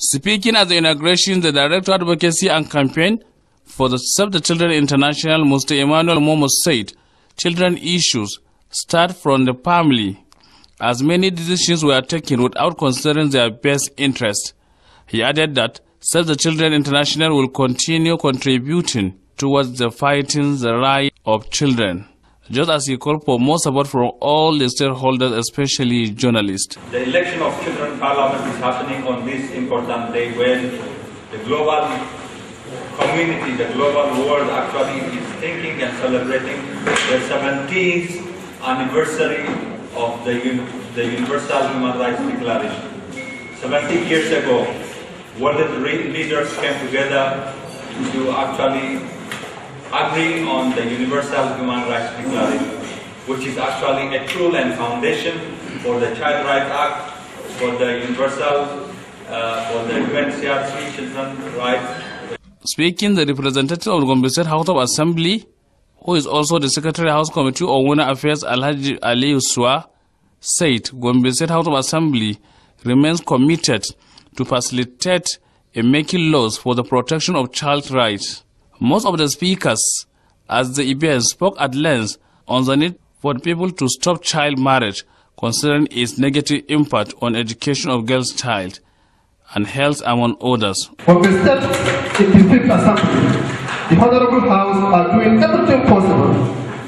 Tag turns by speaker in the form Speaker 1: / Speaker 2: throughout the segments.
Speaker 1: Speaking at the inauguration, the Director of Advocacy and Campaign for the Save the Children International, Mr. Emmanuel Momo said, children issues start from the family, as many decisions were taken without considering their best interest. He added that Save the Children International will continue contributing towards the fighting the rights of children just as he called for more support from all the stakeholders, especially journalists.
Speaker 2: The election of children parliament is happening on this important day when the global community, the global world actually is thinking and celebrating the 70th anniversary of the, the Universal Human Rights Declaration. 70 years ago, world leaders came together to actually agree on the Universal Human Rights Declaration, which is actually a tool and foundation for the Child Rights Act, for the Universal, uh, for the UNCRC Children's Rights.
Speaker 1: Speaking, the representative of the Gombisir House of Assembly, who is also the Secretary House Committee on Women Affairs, Alhaji Ali Uswa, said Gombisir House of Assembly remains committed to facilitate and making laws for the protection of child rights. Most of the speakers at the event spoke at length on the need for people to stop child marriage considering its negative impact on education of girls' child and health among others.
Speaker 3: When we step in the Fifth Assembly, the Honorable House are doing everything possible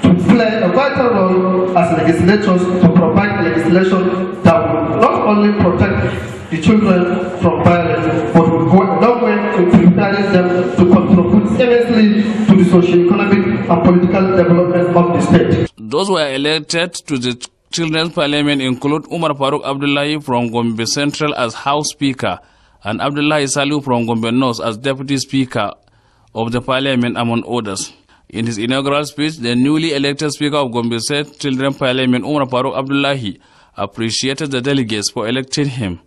Speaker 3: to play a vital role as legislators to provide legislation that will not only protect the children from violence, but will go a long way to preparing them to seriously to the socio-economic and political development of the state.
Speaker 1: Those were elected to the Children's Parliament include Umar Farooq Abdullahi from Gombe Central as House Speaker and Abdullahi Salu from Gombe North as Deputy Speaker of the Parliament, among others. In his inaugural speech, the newly elected Speaker of Gombe Central Children's Parliament, Umar Farooq Abdullahi, appreciated the delegates for electing him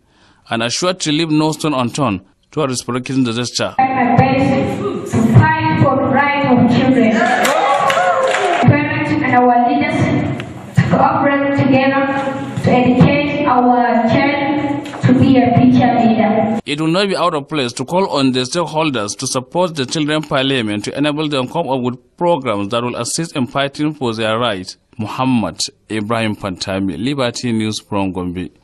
Speaker 1: and assured to leave no stone unturned towards promoting the gesture
Speaker 2: care of children.
Speaker 3: Parents and our leaders to cooperate together to educate our children to be a future leader.
Speaker 1: It will not be out of place to call on the stakeholders to support the children parliament to enable them come up with programs that will assist in fighting for their rights. Muhammad Ibrahim Pantami, Liberty News from Gombe.